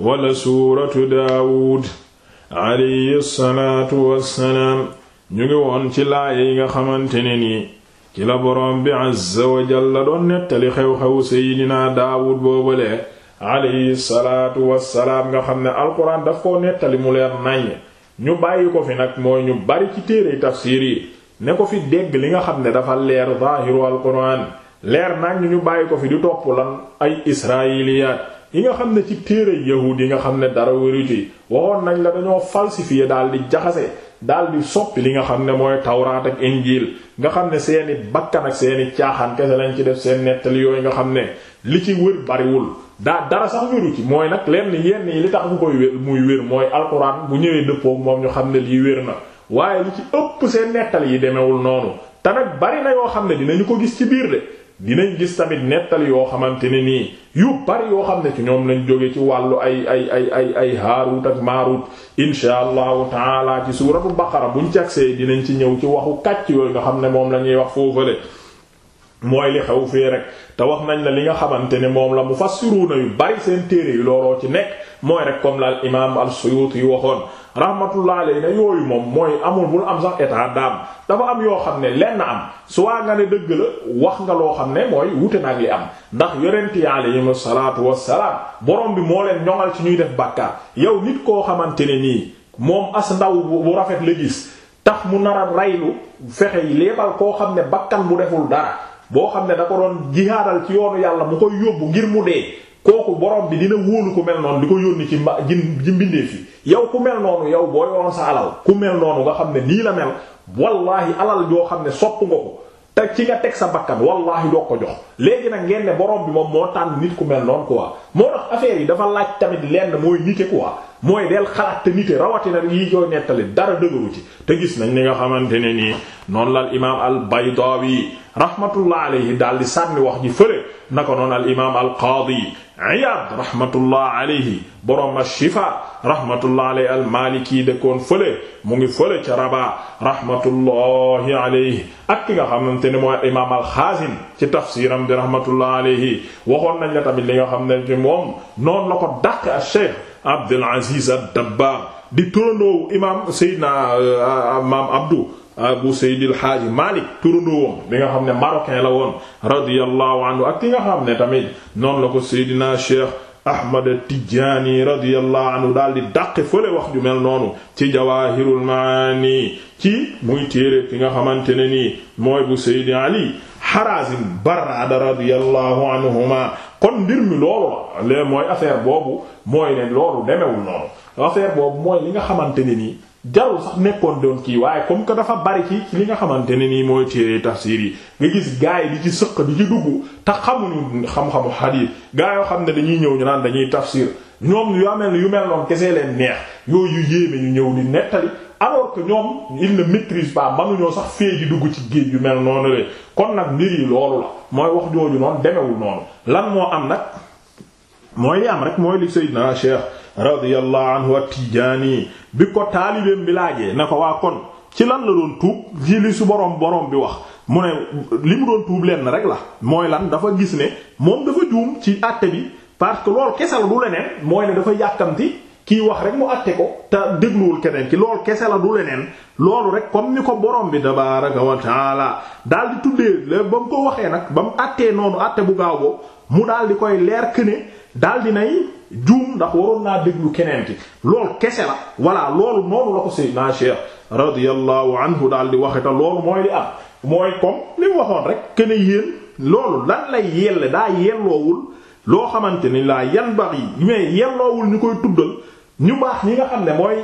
wala suuratu daawud alayhi salaatu wassalaam ñu ngi woon ci laaya yi nga xamante ne nii ci la boroom bi azza wa jalla doon nettali xew-xew seydinaa daawud boobale alayhi salaatu wassalaam nga xam ne alxuraan daf koo nettali mu leer naññ ñu bàyyi ko fi nag mooy ñu bari ci téere tafsiir yi ne ko fi dégg li nga xam ne dafa leer zaahiru alxuraan leer naññ ñu bàyyi ko fi di topp lan ay israiliyaat yi nga xam ne ci téere yahuud yi nga xam ne dara wérité waxoon nañ la dañoo falsifié daal di jaxase daal di soppi li nga xam ne mooy tawraat ak injiil nga xam ne seeni bakkan ak seeni caaxaan kese lañ ci def seen nettali yooyu nga xam ne li ci wër bariwul daa dara sax wéru ci mooy nag lenn yenn yi li tax mu koy wér muy wér mooy alxuraan bu ñëwee dëppook moom ñu xam ne lii wér na waaye li ci ëpp seen nettali yi demewul noonu te nag bari na yoo xam ne dinañu ko gis ci biir de dinañ gis tamit nettali yoo xamante ne nii yu bari yoo xam ne ci ñoom lañ jóge ci wàllu ay ay ay ay ay haarut ak maarut insha allahu taala ci suuratu baqara buñ cagsee dinañ ci ñëw ci waxu kàcc yooyu nga xam ne moom la ñuy wax foofale mooy li xew fii rek te wax nañ la li nga xamante ne moom la mu mufassiruna yu bari seen téere yi looloo ci nekk mooy rek comme la al imaam al-Suyuti waxoon rahmatullah alayhi ne yooyu moom mooy amul bul am sax état d'âme dafa am yoo xam ne lenn am soit nga ne dëgg la wax nga loo xam ne mooy wute nag li am ndax yonent yi alayhimu salaatu wassalaam borom bi moo leen ñoŋal ci ñuy def bàkkaar yow nit koo xamante ne nii moom as ndaw bu rafet la gis tax mu nar a raylu fexe yi koo xam ne bakkan bu deful dara boo xam ne da ko doon jihaadal ci yoonu yàlla mu koy yóbbu ngir mu dee kooku borom bi dina wóolu ku mel noonu di ko yónni ci mba ji mbindeef yi yow ku mel noonu yow boo yoroon sa alal ku mel noonu nga xam ne nii la mel wallaahi alal yoo xam ne sopp nga ko te ci nga teg sa bakkan wallaahi doo ko jox léegi nag ngeen ne borom bi moom moo tànn nit ku mel noonu quoi moo tax affaire yi dafa laaj tamit lenn mooy nite quoi. mooy del xalaat te nite rawatina yi koy nettali dara dëgëru ci te gis nañ ne nga xamante ne nii noonu la al imaam al Baydawi rahmatullah alayhi daal di sànni wax ji fële na ko noonu al imaam al qaadi Iyaad rahmatullah alayhi borom Ashifa rahmatullah alayhi al Maliki dëkkoon fële mu ngi fële ca Rabat rahmatullah alayhi ak ki nga xamante ne mooy imaam al Xaazin ci tafsiram bi rahmatullah alayhi waxoon nañ la tamit li nga xam ne ci moom noonu la ko Abdul Aziz ad-Dabbaagh di turandoowu imaam Seydina euh, maam Abdou Abu Seydil Haaji Malik turandoowam bi nga xam ne marocain la woon radiyallahu anhu ak ki nga xam ne tamit non la ko Seydina Cheikh Ahmad Tijaani radiyallahu anhu daal di dàqe fële wax ju mel noonu ci Jawaahirul Maani ci muy téere ki nga xamante ne nii mooy bu Seydi Ali Harazim Barrada radiyallahu anhuma kon mbir mi loolu la lee mooy affaire boobu mooy ne loolu demewul noonu affaire boobu mooy li nga xamante ne nii jarul sax nekkoon doon kii waaye comme que dafa bari ci li nga xamante ne nii mooy téere tafsir yi nga gis gaa yi ci sëq di ci dugg te xamuñu xam-xamu xadiis gaa yoo xam ne dañuy ñëw ñu naan dañuy tafsir ñoom yu amee yu mel noonu kese leen neex yooyu yu yéeme ñu ñëw di nettali alors que ñoom il ne maîtrise pas mënuñoo sax fee ji dugg ci géej yu mel noonu le kon nag mbir yi loolu la mooy wax jooju noonu demewul noonu lan moo am nag mooy li am rek mooy li Seydina Cheikh radiyallahu anhu bi ko taalibeem bi laajee ne ko waa kon ci lan la doon tuub ji li su boroom boroom bi wax mu ne li mu doon tuub lenn rek la mooy lan dafa gis ne moom dafa juum ci àtte bi parce que loolu kese la du leneen mooy ne dafa yàkkamti kii wax rek mu àtte ko te dégluwul keneen ki loolu kese la du leneen loolu rek comme ni ko boroom bi tabaaraka wa taala daal di tuddee le ba mu ko waxee nag ba mu àttee noonu àtte bu gaaw boobu mu daal di koy leer que ne daal di nay juum ndax waroon naa déglu keneen ki loolu kese la voilà loolu noonu la ko Seydina Cheikh radiyallahu anhu daal di waxe te loolu mooy li am mooy comme li waxoon rek que ne yéen loolu lan lay yelle daa yelloowul loo xamante ni laa yan bari mais yelloowul ñu koy tuddal. ñu baax ñi nga xam ne mooy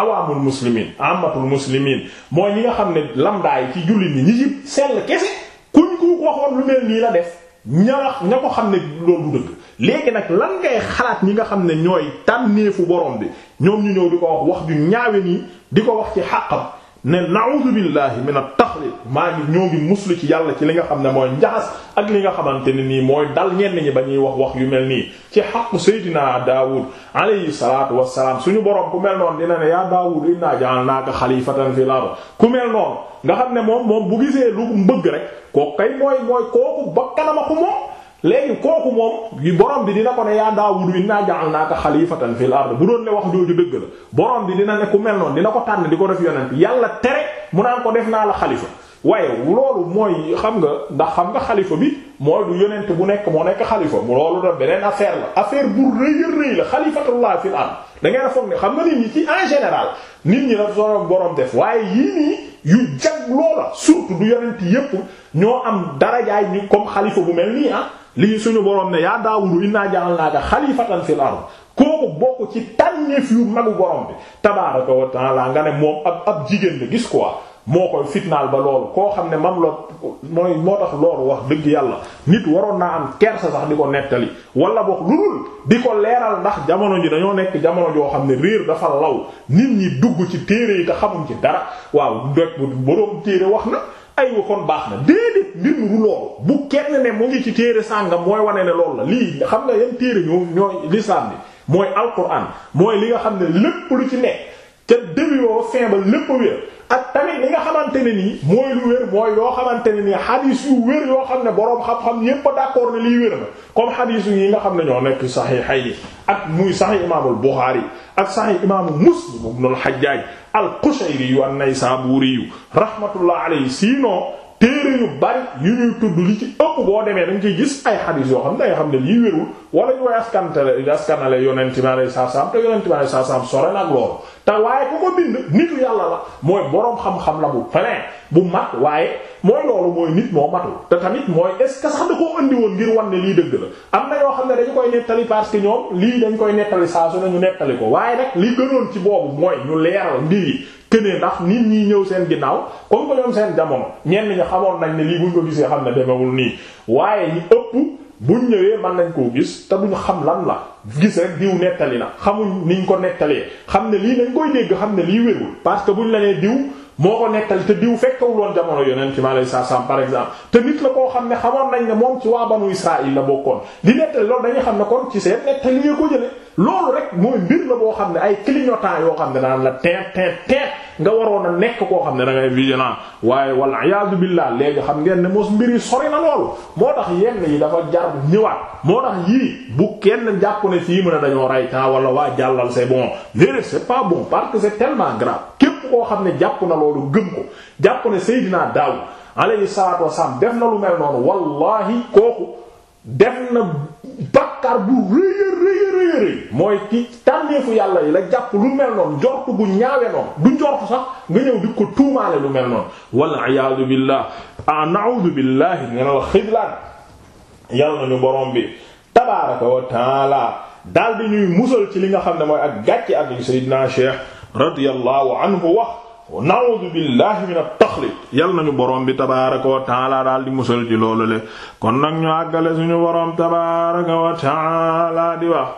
awaamul muslimin amatul muslimin mooy ñi nga xam ne lamdaay ci jullit ñi ñi ci sell kese kuñ ku waxoon lu mel nii la def ña ña ko xam ne loolu du dëgg nag lan ngay xalaat ñi nga xam ne ñooy tànneefu borom bi ñoom ñu ñëw di ko wax wax ju ñaawe nii di ko wax ci xàqam ne na'udhu billahi min at-taxlid maa ngi ñoo ngi muslu ci yàlla ci li nga xam ne mooy njaxas ak li nga xamante ne nii mooy dal ñenn ñi ba ñuy wax wax yu mel nii ci xaqu Seydina Daawud alayhi salaatu wassalaam suñu borom ku mel noonu dina ne yaa Daawud inna ja'alnaaka xalifatan fil ku mel noonu nga xam ne moom moom bu gisee lu mbëgg rek ko kay mooy mooy kooku ba kanama ko moom léegi kooku moom yi borom bi dina ko ne yaa Daawudu inna ja'alnaaka xalifatan fil ard bu doon ne wax jooju dëgg la borom bi dina ne ku mel noonu dina ko tànn di ko def yonent yàlla tere mu naan ko def naa la xalifa waaye loolu mooy xam nga ndax xam nga xalifa bi mooy du yonent bu nekk moo nekk xalifa mu loolu da beneen affaire la affaire bu rëy a rëy la xalifatullah fil ard da ngeen foog ne xam nga nit ñi ci en général nit ñi daf soo borom def waaye yii nii yu jag loola surtout du am darajaay ñu xalifa bu mel nii ah. lii suñu borom ne yaa Daawudu innaa ja'alnaaka xalifatan fil ard kooku bokk ci tànneef yu magu borom bi tabaaraka wa ta'aala nga ne moom ab ab jigéen la gis quoi moo koy fitnaal ba loolu koo xam ne mam la mooy moo tax loolu wax dëgg yàlla nit waroon naa am kersa sax di ko nettali wala boog lu dul di ko leeral ndax jamono ji dañoo nekk jamono joo xam ne réer dafa law nit ñi dugg ci téere yi te xamuñ ci dara waaw doj bu boroom téere wax na aywa kon baax na déedéet mbir mi du loolu bu kenn ne mu ngi ci téere sànga mooy wane ne loolu la lii xam nga yan téere ñoo ñooy lislaam bi mooy alquran mooy li nga xam ne lépp lu ci nekk ca début ba fin ba lépp a wér ak tamit li nga xamante ne nii mooy lu wér mooy yoo xamante ne nii xadiis yu wér yoo xam ne boroom xam-xam yépp a d'accord ne liy wér na comme xadiis yi nga xam ne ñoo nekk saxiixay yi ak muy saxiix imaamul Buxaari ak saxiix imaamu Muslim ibnul Xajjaaj al-Qushayri yu an-Naysaabuuri yu rahmatullah alayhi sinon téere yu bari yu ñuy tudd li ci ëpp boo demee dañ ciy gis ay xadiis yoo xam ne ay xam ne lii wérul wala ñu koy askantale askanale yonent mi alayhi salaam te yonent mi alayhi salaam sore nag loolu te waaye ku ko bind nitu yàlla la mooy boroom xam-xam la bu plein bu mat waaye mooy loolu mooy nit moo matul te tamit mooy est ce que sax da koo andi woon ngir wan ne lii dëgg la am na yoo xam ne dañu koy nettali parce que ñoom lii dañ koy nettali saa su ne ñu nettali ko waaye nag li gënoon ci boobu mooy ñu leeral mbir yi kënee ndax nit ñi ñëw seen ginnaaw comme ko ñoom seen jamono ñenn ñi xamoon nañ ne lii buñ ko gisee xam ne demewul nii waaye ñi ëpp buñ ñëwee man nañ koo gis te duñ xam lan la gis rek diw nettali na xamuñ niñ ko nettalee xam ne lii dañ koy dégg xam ne lii wérul parce que buñ la nee diw moo ko nettali te diw fekkawul woon jamono yonent ci malay sa sam par exemple te nit la koo xam ne xamoon nañ ne moom ci waa banu Israël la bokkoon di nettali loolu dañuy xam ne kon ci seen nettali ko jële loolu rek mooy mbir la boo xam ne ay clignotants yoo xam ne daan la teet teet teet nga waroon a nekk koo xam ne da ngay vigilant waaye wal iyaadu léegi xam ngeen ne mos mbir yi sori na loolu moo tax yenn yi dafa jar ñëwaat moo tax yii bu kenn jàpp ne fii mën a dañoo rey temps wala waa jàllal c'est bon léegi c'est pas bon parce que c'est tellement koo xam ne jàpp na loolu gëm ko jàpp ne Seydina Daawud alayhi salaatu wasalaam def na lu mel noonu wallahi kooku def na bàkkaar bu rëy a rëy a mooy ci tànneefu yàlla yi la jàpp lu mel noonu njort bu ñaawe noonu du njort sax nga ñëw di ko tuumaale lu mel noonu walla iyaadu billah a'uudu billahi min al xidlaan yàlla nañu borom bi tabaaraka wa taala daal di ñuy musal ci li nga xam ne mooy ak gàcce ak Seydina Cheikh radiyallahu anhu wax na'udhu billahi min at-taxlit yal nañu borom bi tabaaraka wa taala daal di musal ci loolu le kon nag ñu àggale suñu borom tabaaraka wa taala di wax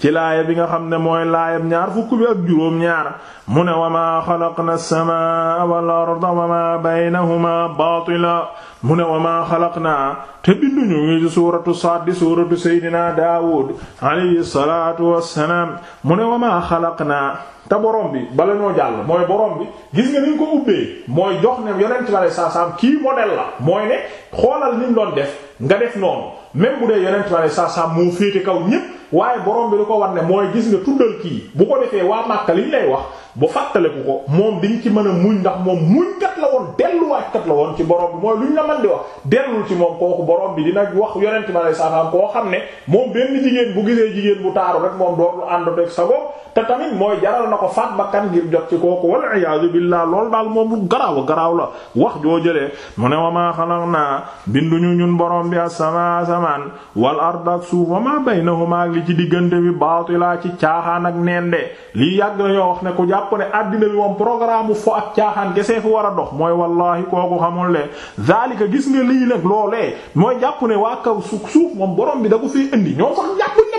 ci laaya bi nga xam ne mooy laayab ñaar fukk bi ak juróom ñaar mu ne wa ma xalaqna samaa wal arda wa ma baatila mu ne wa maa xalaqnaa te binduñu ngi suuratu Saad di suuratu Seydina Daawud alayhi salaatu wassalaam mu ne wa maa naa te borom bi bala ñoo jàll mooy borom bi gis nga niñ ko ubbee mooy jox ne yonent bi alayhi kii modèle la mooy ne xoolal niñ doon def nga def noonu même bu dee yonent bi alayhi salaam moo féete kaw ñépp waaye borom bi lu ko war ne mooy gis nga tuddal kii bu ko defee waa Màkka liñ lay wax. bu fàttaleku ko moom di ci mën a muñ ndax moom muñ kat la woon delluwaat kat la woon ci borom bi mooy ñu la mën di wax dellul ci moom kooku borom bi dina wax yonent bi sallallahu alayhi wasallam koo xam ne moom benn jigéen bu gisee jigéen bu taaru rek moom dootul ànd ak sa bopp te tamit mooy jaral na ko faat bakkan ngir jot ci kooku wal iyaadu billaah loolu daal moom lu garaaw garaaw la wax joo jëlee mu ne wa maa xalaqnaa binduñu ñun borom bi as-samaa samaan wal ard ak suuf wa maa baynahumaa li ci diggante bi baatilaa ci caaxaan ak neen lii yàgg na yoo wax ne ku jàpp ne àddina bi moom programme fo ak caaxaan gesee fi war a dox mooy wallaahi kooku xamul le zaalika gis nga lii nag loolee mooy jàpp ne waa kaw suuf moom borom bi da ko indi ñoom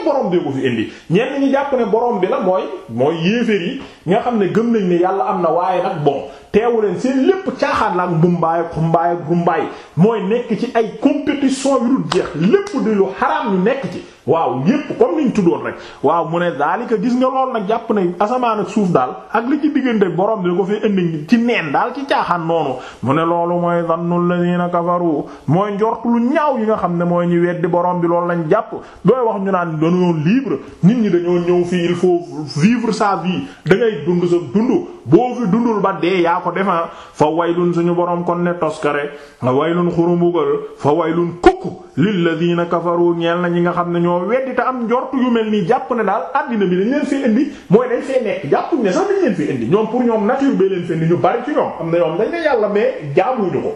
même borom bee ko fi indi ñenn ñi jàpp ne borom bi la mooy mooy yéeféer yi nga xam ne gëm nañ ne yàlla am na waaye ak bon teewu leen seen lépp caaxaan la ak mbumbaay ak mooy nekk ci ay compétition yu dul jeex lépp di lu xaraam yu nekk ci. waaw yépp comme niñ tuddoon rek waaw mu ne daalika gis nga lool nag jàpp na asamaan ak suuf daal ak li ci diggante boroom bi ko fee indi ci neen daal ci caaxaan noonu mu ne loolu mooy zannul ladina kafaru mooy njort lu ñaaw yi nga xam ne mooy ñi weddi boroom bi loolu lañ jàpp dooy wax ñu naan dañoo libre nit ñi dañoo ñëw fii il faut vivre saa vie da ngay dund sa dund boo fi dundul ba dee yaa ko defaa fa waylun suñu borom kon ne toskare nga waylun xurumbugal fa waylun mukk lilladina kafaru ñeel na ñi nga xam ne ñoo weddi te am njortu yu mel nii jàpp ne daal àddina bi dañ leen fi indi mooy dañ fee nekk jàppuñ ne sax dañ leen fi indi ñoom pour ñoom nature bee leen fi indi ñu bari ci ñoom am na ñoom dañ ne yàlla mais jaamuñu ko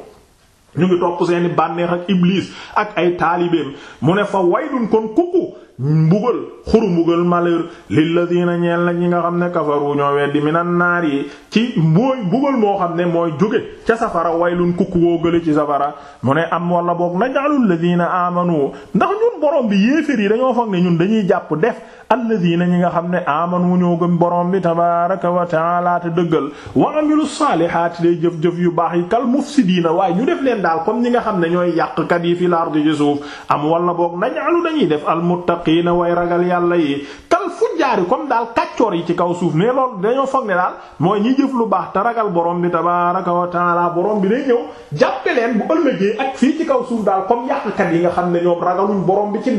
ñu ngi topp seeni bànneex ak iblis ak ay taalibeem mu ne fa waylun kon kukku mbugal xuru mbugal malheur lilladina ñeel na ñi nga xam ne kafaru ñoo weddi minan naar yi ci mooy mbugal moo xam ne mooy jóge ca safara waylun kukku woo gële ci safara mu ne am wala boog najalul ladina amanu ndax ñun borom bi yéefér yi dañoo foog ne ñun dañuy jàpp def alladina ñi nga xam ne amanu ñoo gën borom bi tabaaraka wa ta'aala te dëggal wa amilu saalihaati day jëf-jëf yu baax yi kal mufsidiina waaye ñu def leen daal comme ñi nga xam ne ñooy yàqkat yi fi lardi ci suuf am wala boog nañaalu dañuy def almuttaqiina way ragal yàlla yi kal fujjaari comme daal kàccoor yi ci kaw suuf ne loolu dañoo foog ne daal mooy ñi jëf lu baax te ragal borom bi tabaaraka wa ta'aala borom bi day ñëw jàppe leen bu ëllëgee ak fii ci kaw daal comme yi nga xam ne ñoom ragaluñ borom bi ci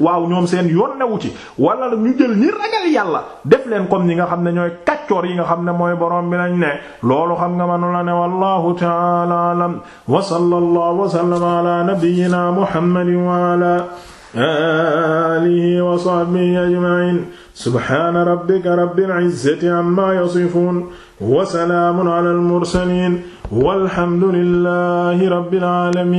waaw ñoom seen yoon newu ci wala ñu jël ñi ragal yàlla def leen comme ñi nga xam ne ñooy kàccoor yi nga xam ne mooy borom bi lañ ne loolu xam nga manu la ne wallahu ta'ala alam wa sallallahu wa sallama ala nabiyyina muhammadin wa ala alihi wa sahbihi ajma'in subhana rabbika rabbil izzati amma yasifun wa salamun ala al mursalin walhamdulillahi rabbil alamin